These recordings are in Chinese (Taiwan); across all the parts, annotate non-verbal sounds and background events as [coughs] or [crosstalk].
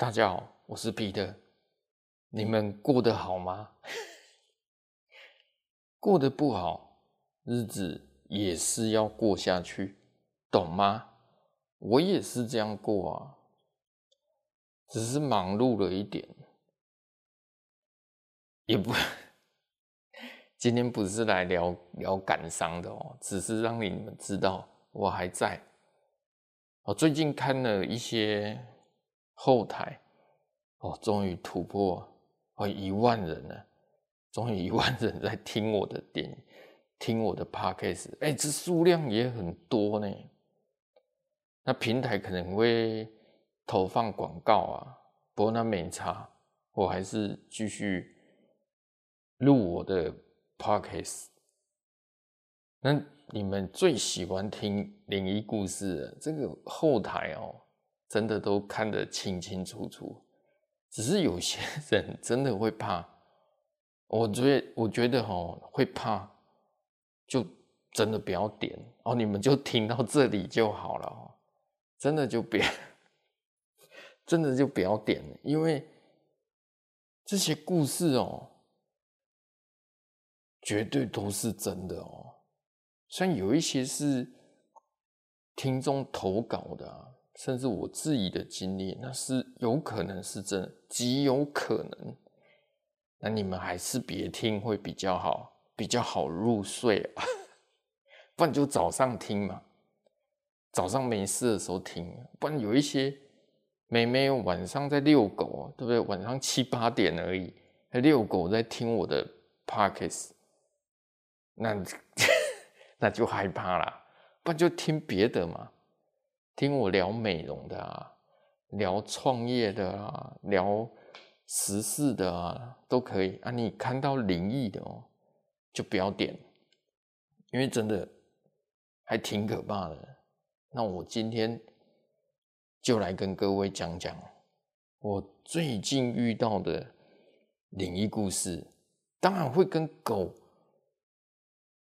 大家好，我是彼得。你們過得好嗎？過得不好，日子也是要過下去，懂嗎？我也是這樣過啊，只是忙碌了一點，也不，今天不是來聊聊感傷的哦、喔，只是讓你們知道我還在。我最近看了一些後台。哦，終於突破哦一萬人了，終於一萬人在聽我的電影，聽我的 Podcast。哎，這數量也很多呢。那平台可能會投放廣告啊，不過那沒差，我還是繼續錄我的 Podcast。那你們最喜歡聽靈異故事的，這個後台哦，真的都看得清清楚楚。只是有些人真的會怕，我覺我覺得哈，喔、會怕，就真的不要點哦、喔，你們就聽到這裡就好了、喔，真的就別，真的就不要點了，因為這些故事哦、喔，絕對都是真的哦、喔，雖然有一些是聽眾投稿的、啊甚至我自己的經歷，那是有可能是真的，極有可能。那你們還是別聽會比較好，比較好入睡啊。 [laughs] 不然就早上聽嘛，早上沒事的時候聽。不然有一些妹妹晚上在遛狗啊，對不對？晚上七八點而已，遛狗在聽我的 Podcast，那那就害怕了。不然就聽別的嘛。聽我聊美容的啊，聊創業的啊，聊時事的啊，都可以啊。你看到靈異的哦、喔，就不要點，因為真的還挺可怕的。那我今天就來跟各位講講我最近遇到的靈異故事，當然會跟狗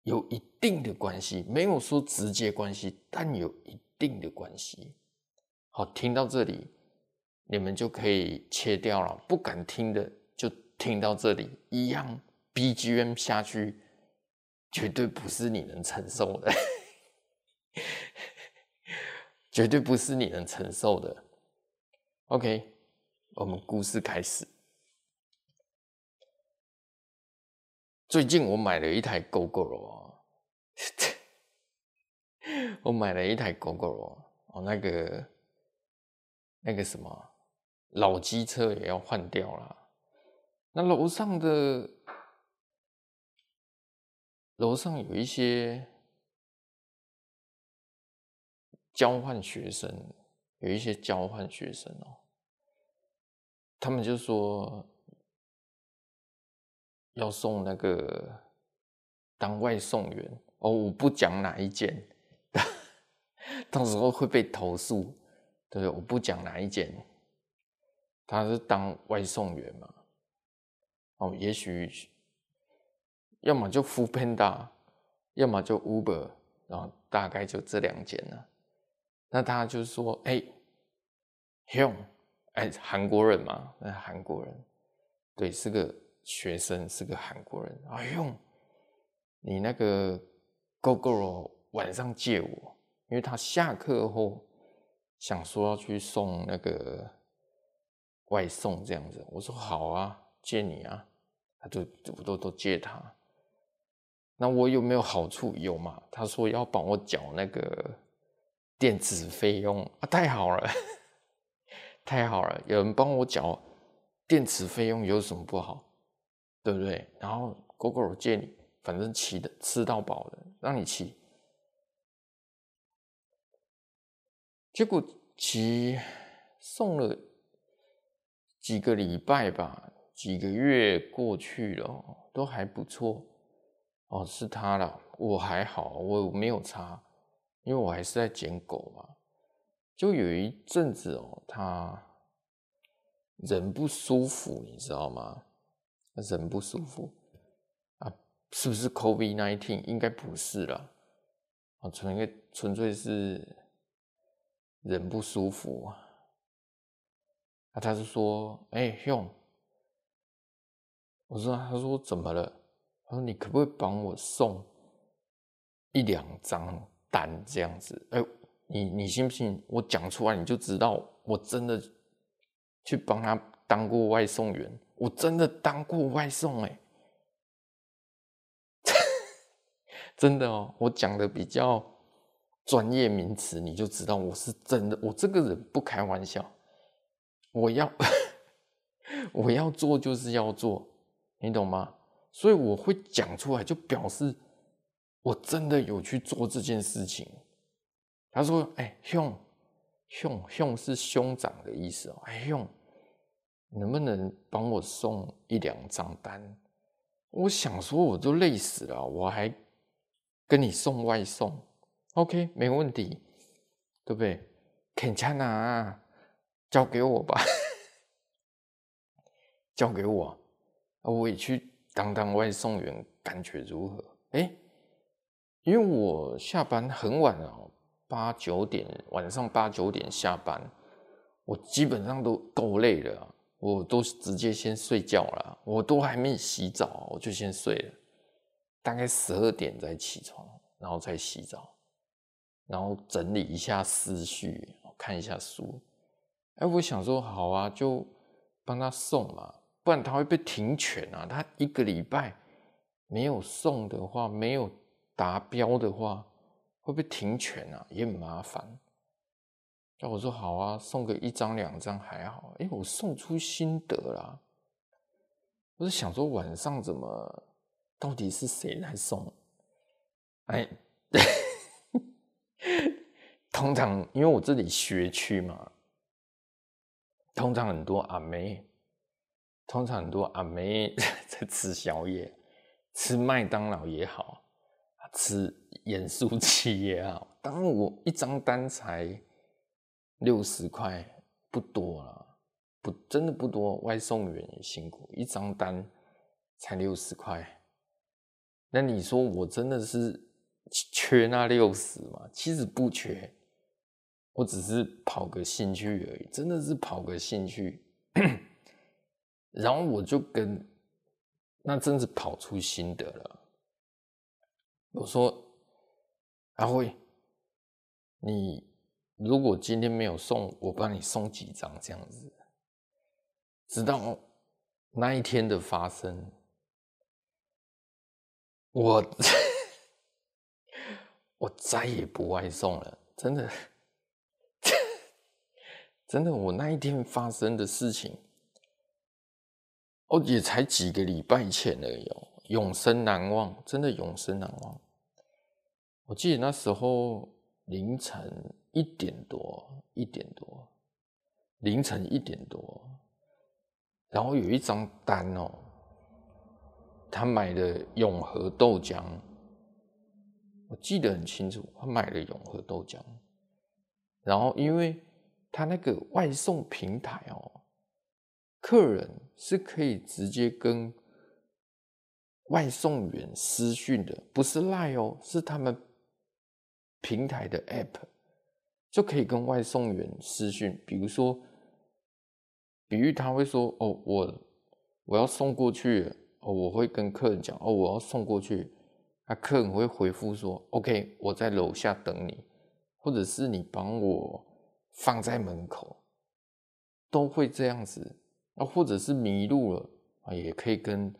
有一定的關係，沒有說直接關係，但有一定。定的關係，好，聽到這裡，你們就可以切掉了。不敢聽的，就聽到這裡一樣，BGM 下去，絕對不是你能承受的， [laughs] 絕對不是你能承受的。OK，我們故事開始。最近我買了一台 Gogoro 啊。我買了一台 Gogoro 哦，那個那個什麼老機車也要換掉了。那樓上的樓上有一些交換學生，有一些交換學生哦，他們就說要送那個當外送員哦，我不講哪一件。 [laughs] 到時候會被投訴，對，我不講哪一間，他是當外送員嘛。哦，也許要麼就 Foodpanda 要麼就 Uber，然後大概就這兩間了。那他就說，哎、欸，用，哎、欸，韓國人嘛，那韓國人，對，是個學生，是個韓國人。哎、啊、用，你那個 GoGo 晚上借我，因為他下課後想說要去送那個外送這樣子。我說好啊，借你啊。他就我都我都，都借他。那我有沒有好處？有嘛？他說要幫我繳那個電池費用啊，太好了， [laughs] 太好了！有人幫我繳電池費用，有什麼不好？對不對？然後狗狗我借你，反正騎的吃到飽的，讓你騎。結果其送了幾個禮拜吧，幾個月過去了，都還不錯。哦，是他了，我還好，我沒有差，因為我還是在撿狗嘛。就有一陣子哦，他人不舒服，你知道嗎？人不舒服啊，是不是 COVID-19？應該不是了，啊，純純粹是。人不舒服、啊，那、啊、他是說：“哎、欸，用。”我說：“他說怎麼了？”他說：“你可不可以幫我送一兩張單這樣子？”哎、欸，你你信不信？我講出來你就知道，我真的去幫他當過外送員，我真的當過外送、欸，哎， [laughs] 真的哦！我講的比較，專業名詞，你就知道我是真的，我這個人不開玩笑，我要 [laughs] 我要做就是要做，你懂嗎？所以我會講出來，就表示我真的有去做這件事情。他說：“哎、欸，兄兄兄是兄長的意思，哎、欸，兄，能不能幫我送一兩張單？我想說我都累死了，我還跟你送外送。” OK，沒問題，對不對？Kanchana 交給我吧， [laughs] 交給我，啊，我也去當當外送員，感覺如何？哎、欸，因為我下班很晚哦、喔，八九點，晚上八九點下班，我基本上都夠累了，我都直接先睡覺了，我都還沒洗澡，我就先睡了，大概十二點再起床，然後再洗澡。然後整理一下思緒，看一下書。哎，我想說好啊，就幫他送嘛，不然他會被停權啊。他一個禮拜沒有送的話，沒有達標的話，會被停權啊。也很麻煩。叫我說好啊，送個一張兩張還好。哎，我送出心得啦。我就想說晚上怎麼，到底是誰來送？哎。 [laughs] [laughs] 通常，因為我這裡學區嘛，通常很多阿妹，通常很多阿妹在吃宵夜，吃麥當勞也好，吃鹽酥雞也好。當然，我一張單才六十塊，不多了，不真的不多。外送員也辛苦，一張單才六十塊，那你說我真的是缺那六十嘛？其實不缺，我只是跑個興趣而已，真的是跑個興趣。 [coughs] 然後我就跟那真是跑出心得了。我說阿輝，你如果今天沒有送，我幫你送幾張這樣子，直到那一天的發生，我。我再也不外送了，真的， [laughs] 真的，我那一天發生的事情，哦，也才幾個禮拜前了喲，永生難忘，真的永生難忘。我記得那時候凌晨一點多，一點多，凌晨一點多，然後有一張單哦，他買的永和豆漿。我記得很清楚，他買了永和豆漿，然後因為他那個外送平台哦，客人是可以直接跟外送員私訊的，不是 LINE 哦，是他們平台的 app 就可以跟外送員私訊，比如說，比喻他會說哦，我我要送過去，哦，我會跟客人講哦，我要送過去。那客人會回復說：“OK，我在樓下等你，或者是你幫我放在門口，都會這樣子。啊，或者是迷路了啊，也可以跟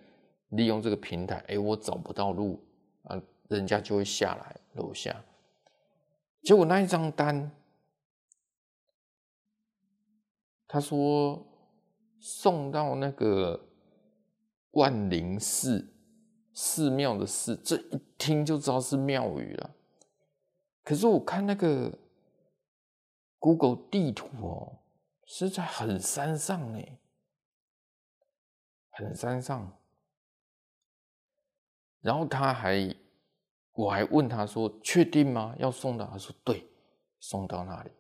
利用這個平台。哎，我找不到路啊，人家就會下來樓下。結果那一張單，他說送到那個萬林寺。”寺廟的寺，這一聽就知道是廟宇了。可是我看那個 Google 地圖哦、喔，是在很山上呢、欸，很山上。然後他還，我還問他說：“確定嗎？要送到？”他說：“對，送到那裡。”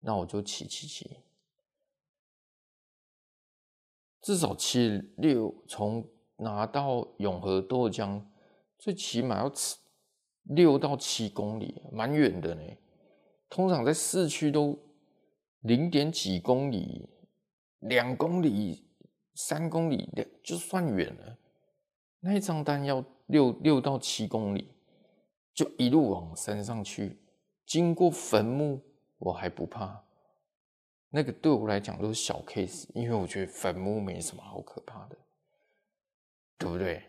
那我就騎騎騎，至少騎六從。從拿到永和豆漿，最起碼要六到七公里，蠻遠的呢。通常在市區都零點幾公里、兩公里、三公里，兩就算遠了。那一張單要六六到七公里，就一路往山上去，經過墳墓，我還不怕。那個對我來講都是小 case，因為我覺得墳墓沒什麼好可怕的。對不對？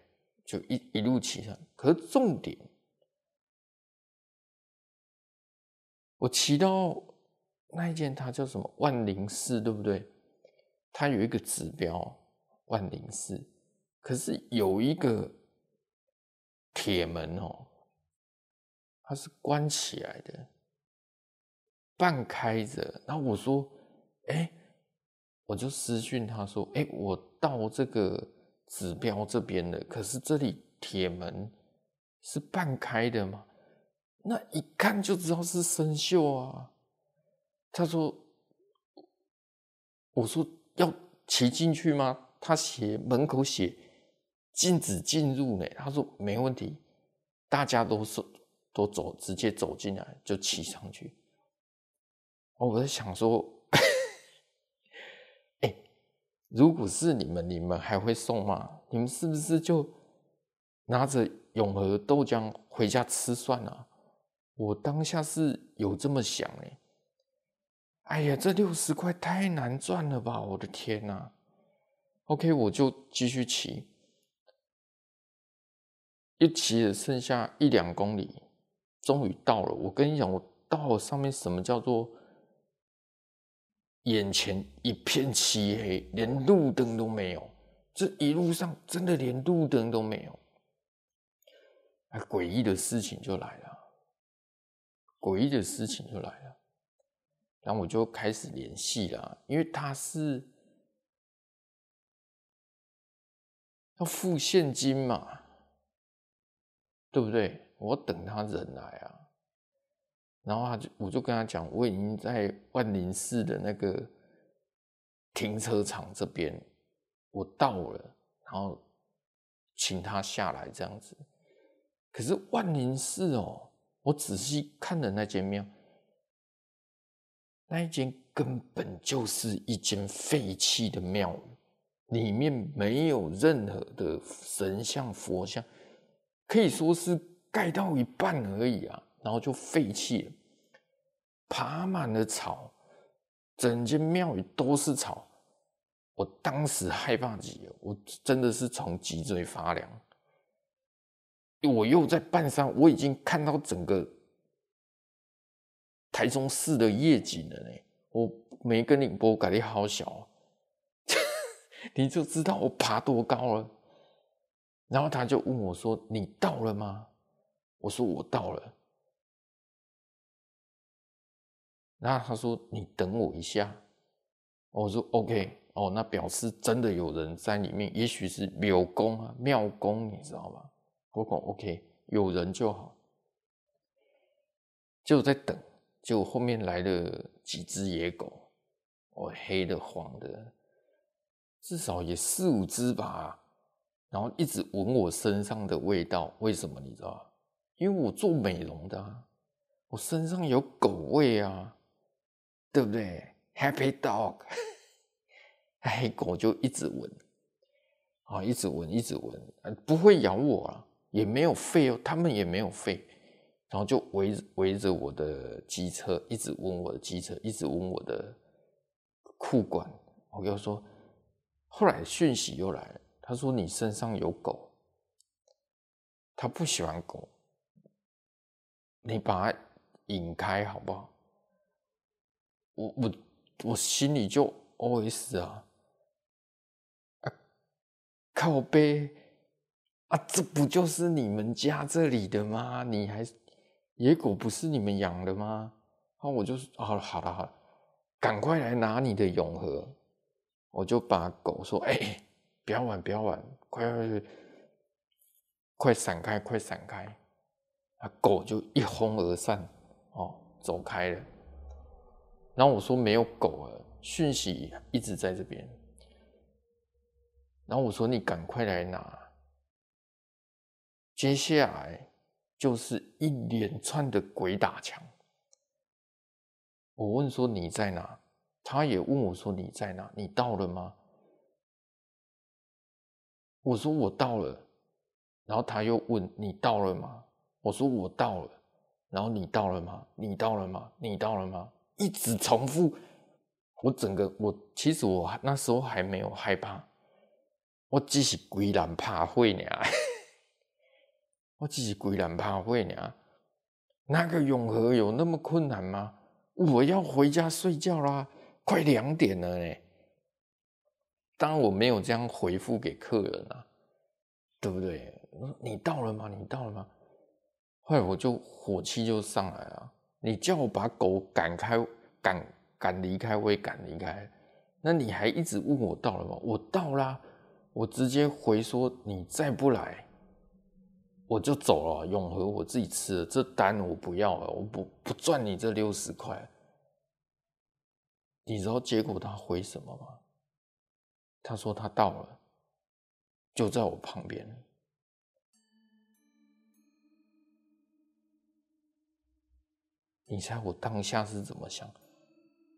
就一一路騎上，可是重點，我騎到那一間，它叫什麼萬靈寺，對不對？它有一個指標萬靈寺，可是有一個鐵門哦，它是關起來的，半開着。然後我說，哎，我就私訊他說，哎，我到這個。指標這邊的，可是這裡鐵門是半開的嘛？那一看就知道是生鏽啊。他說：“我說要騎進去嗎？”他寫門口寫禁止進入呢。他說：“沒問題，大家都是都走，直接走進來就騎上去。”哦，我在想說。如果是你們，你們還會送嗎？你們是不是就拿着永和豆漿回家吃算了、啊？我當下是有這麼想哎、欸，哎呀，這六十塊太難賺了吧！我的天哪、啊、，OK，我就繼續騎，一騎剩下一兩公里，終於到了。我跟你講，我到了上面什麼叫做？眼前一片漆黑，連路燈都沒有。這一路上真的連路燈都沒有。啊，詭異的事情就來了，詭異的事情就來了。然後我就開始聯繫了啊，因為他是要付現金嘛，對不對？我等他人來啊。然後他就，我就跟他講，我已經在萬林寺的那個停車場這邊，我到了，然後請他下來這樣子。可是萬林寺哦，我仔細看了那間廟，那一間根本就是一間廢棄的廟，裡面沒有任何的神像佛像，可以說是蓋到一半而已啊。然後就廢棄了，爬滿了草，整間廟宇都是草。我當時害怕極了，我真的是從脊椎發涼。我又在半山，我已經看到整個台中市的夜景了呢，我沒跟你播，感覺好小、啊、 [laughs] 你就知道我爬多高了。然後他就問我說：“你到了嗎？”我說：“我到了。”那他說：“你等我一下。”我說：“OK。”哦，那表示真的有人在裡面，也許是廟公啊、廟公，你知道嗎？我說 OK，有人就好。就在等，結果後面來了幾隻野狗，我、哦、黑的、黃的，至少也四五隻吧。然後一直聞我身上的味道，為什麼你知道？因為我做美容的、啊，我身上有狗味啊。對不對？Happy dog，哎，黑狗就一直聞，啊，一直聞，一直聞，不會咬我了、啊，也沒有吠哦，他們也沒有吠，然後就圍圍着我的機車，一直聞我的機車，一直聞我的褲管。我跟他說，後來訊息又來了，他說你身上有狗，他不喜歡狗，你把它引開好不好？我我我心裡就 OS 啊，啊，靠北啊，這不就是你們家這裡的嗎？你還野狗不是你們養的嗎？那、啊、我就、啊、好了好了好了，趕快來拿你的永和，我就把狗說哎、欸，不要玩不要玩，快快快閃開快閃開，啊狗就一哄而散哦，走開了。然後我說沒有狗了，訊息一直在這邊。然後我說你趕快來拿。接下來就是一連串的鬼打牆。我問說你在哪？他也問我說你在哪？你到了嗎？我說我到了。然後他又問你到了嗎？我說我到了。然後你到了嗎？你到了嗎？你到了嗎？一直重複，我整個我其實我那時候還沒有害怕，我只是居然怕會呢， [laughs] 我只是居然怕會呢，那個永和有那麼困難嗎？我要回家睡覺啦，快兩點了呢。當然我沒有這樣回覆給客人啦、啊，對不對？我說你到了嗎？你到了嗎？後來我就火氣就上來了。你叫我把狗趕開，趕趕離開，我也趕離開。那你還一直問我到了嗎？我到啦，我直接回說，你再不來，我就走了。永和我自己吃了這單，我不要了，我不不賺你這六十塊。你知道結果他回什麼嗎？他說他到了，就在我旁邊。你猜我當下是怎麼想？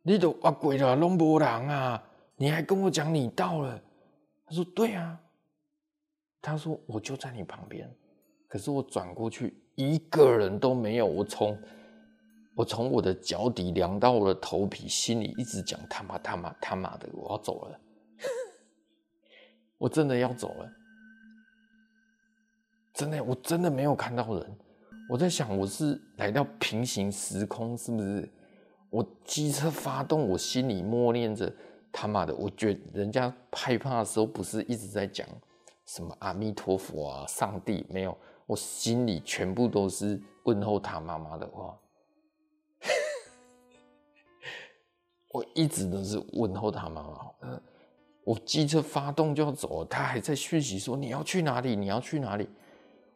你都啊鬼了，攏無人啊！你還跟我講你到了？他說對啊，他說我就在你旁邊，可是我轉過去一個人都沒有。我從我從我的腳底涼到我的頭皮，心裡一直講他媽他媽他媽的，我要走了， [laughs] 我真的要走了，真的，我真的沒有看到人。我在想，我是來到平行時空，是不是？我機車發動，我心裡默念着：“他媽的！”我覺得人家害怕的時候，不是一直在講什麼阿彌陀佛啊、上帝沒有，我心裡全部都是問候他媽媽的話。我一直都是問候他媽媽。嗯，我機車發動就要走，他還在訊息說：“你要去哪裡？你要去哪裡？”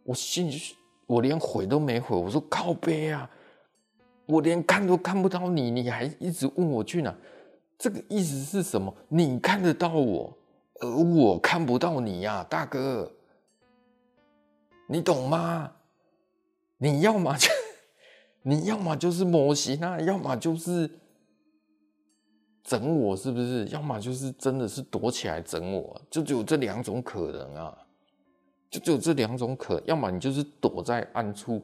我心裡。我連回都沒回，我說靠杯啊！我連看都看不到你，你還一直問我去哪？這個意思是什麼？你看得到我，而我看不到你呀，啊，大哥，你懂嗎？你要麼就，你要麼就是摩西，啊，那要麼就是整我，是不是？要麼就是真的是躲起來整我，啊，就只有這兩種可能啊。就只有這兩種可能，要麼你就是躲在暗處，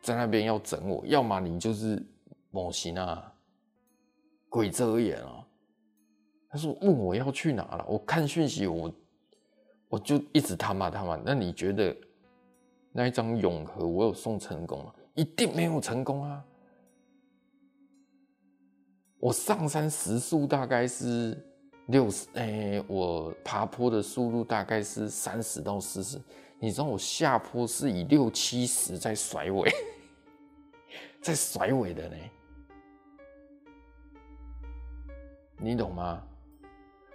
在那邊要整我，要麼你就是某型啊，鬼遮眼啊、喔。他說問、嗯、我要去哪了，我看訊息我，我我就一直他媽他媽。那你覺得那一張永和我有送成功嗎？一定沒有成功啊！我上山時速大概是。六十、欸，我爬坡的速度大概是三十到四十。你知道我下坡是以六七十在甩尾， [laughs] 在甩尾的呢，你懂嗎？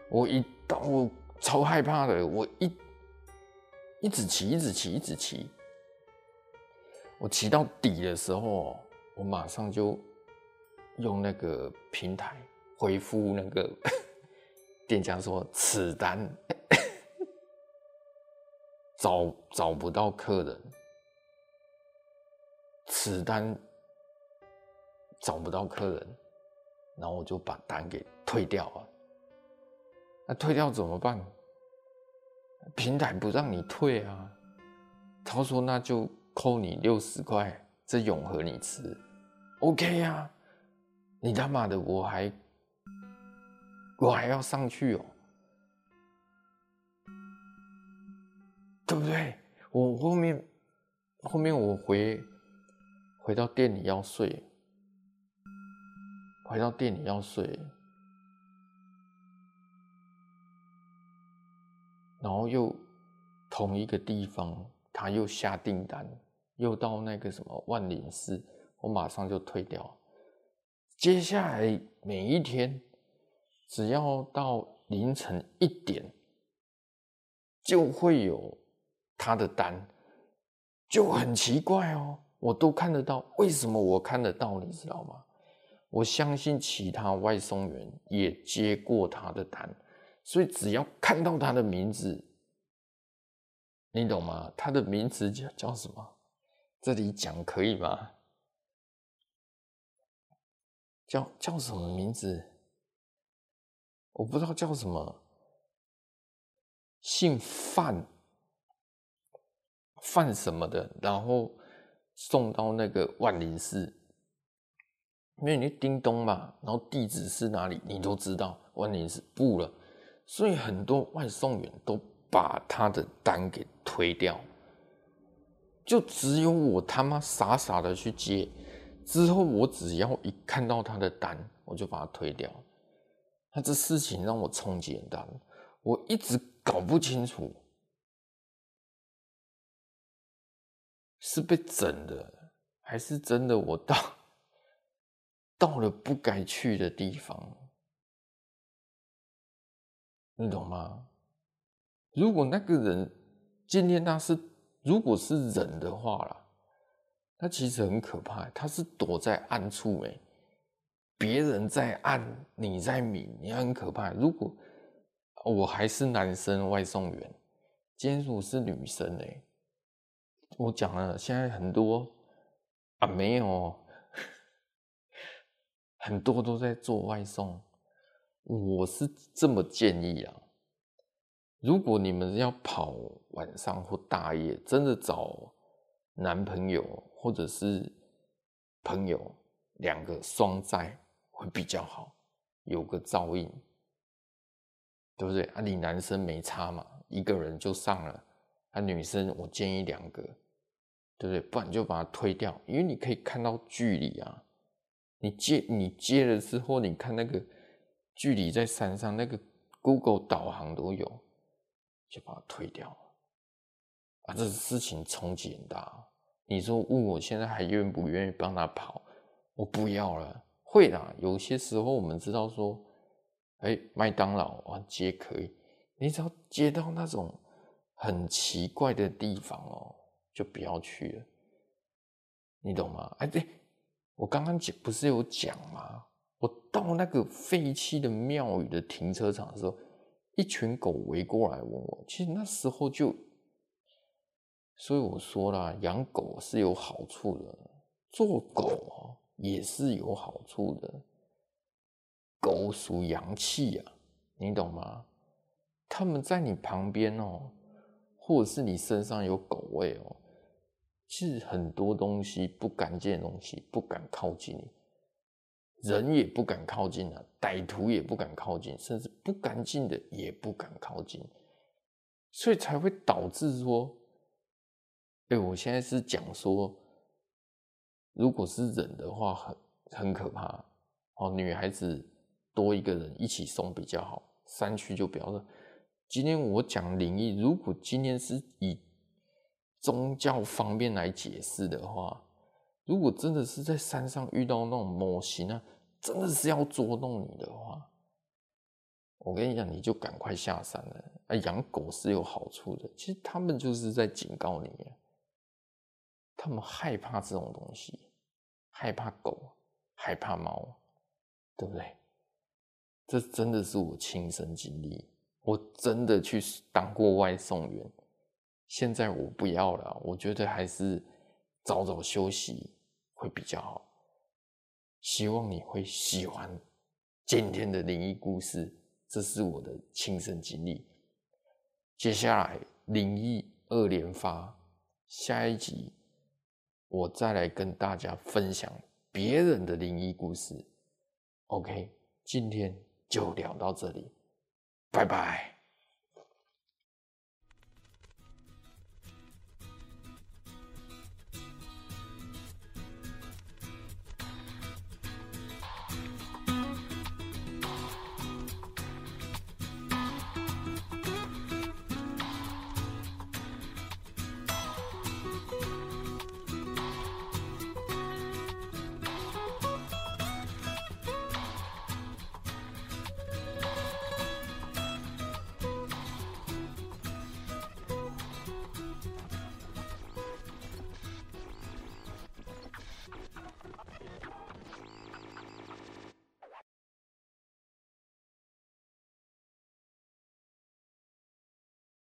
我一到，我超害怕的，我一一直騎，一直騎，一直騎。我騎到底的時候，我馬上就用那個平台回覆那個。店家說：“此單 [laughs] 找、找不到客人，此單找不到客人，然後我就把單給退掉了。那、啊、退掉怎麼辦？平台不讓你退啊，他說那就扣你六十塊，這永和你吃，OK 呀、啊？你他媽的，我還。”我還要上去哦、喔，對不對？我後面，後面我回回到店裡要睡，回到店裡要睡，然後又同一個地方，他又下訂單，又到那個什麼萬寧寺，我馬上就退掉。接下來每一天。只要到凌晨一點，就會有他的單，就很奇怪哦。我都看得到，為什麼我看得到？你知道嗎？我相信其他外送員也接過他的單，所以只要看到他的名字，你懂嗎？他的名字叫叫什麼？這裡講可以嗎？叫叫什麼名字？我不知道叫什麼，姓范，范什麼的，然後送到那個萬林寺，因為你叮咚嘛，然後地址是哪裡你都知道，萬林寺不了，所以很多外送員都把他的單給推掉，就只有我他媽傻傻的去接，之後我只要一看到他的單，我就把他推掉。他這事情讓我衝擊很大，我一直搞不清楚，是被整的還是真的。我到到了不該去的地方，你懂嗎？如果那個人今天他是如果是人的話了，他其實很可怕，欸，他是躲在暗處沒，欸。別人在暗，你在明，你很可怕。如果我還是男生外送員，今天如果是女生呢、欸？我講了，現在很多啊，沒有，很多都在做外送。我是這麼建議啊，如果你們要跑晚上或大夜，真的找男朋友或者是朋友兩個雙在，會比較好，有個照應，對不對？啊，你男生沒差嘛，一個人就上了。啊，女生我建議兩個，對不對？不然就把它推掉，因為你可以看到距離啊。你接你接了之後，你看那個距離在山上，那個 Google 導航都有，就把它推掉了。啊，這事情衝擊很大。你說問我現在還願不願意幫他跑？我不要了。會啦，有些時候我們知道說，哎，麥當勞啊，接可以，你只要接到那種很奇怪的地方哦，就不要去了，你懂嗎？哎，對，我剛剛不是有講嗎？我到那個廢棄的廟宇的停車場的時候，一群狗圍過來問我，其實那時候就，所以我說啦，養狗是有好處的，做狗哦。也是有好處的。狗屬陽氣呀，你懂嗎？他們在你旁邊哦、喔，或者是你身上有狗味哦、喔，是很多東西不乾淨的東西，不敢靠近你，人也不敢靠近啊，歹徒也不敢靠近，甚至不乾淨的也不敢靠近，所以才會導致說，哎、欸，我現在是講說。如果是忍的話，很很可怕哦。女孩子多一個人一起送比較好。山區就比較冷。今天我講靈異，如果今天是以宗教方面來解釋的話，如果真的是在山上遇到那種魔神啊，真的是要捉弄你的話，我跟你講，你就趕快下山了。啊，養狗是有好處的。其實他們就是在警告你，他們害怕這種東西。害怕狗，害怕貓，對不對？這真的是我親身經歷，我真的去當過外送員。現在我不要了，我覺得還是早早休息會比較好。希望你會喜歡今天的靈異故事，這是我的親身經歷。接下來靈異二連發，下一集。我再來跟大家分享別人的靈異故事，OK，今天就聊到這裡，拜拜。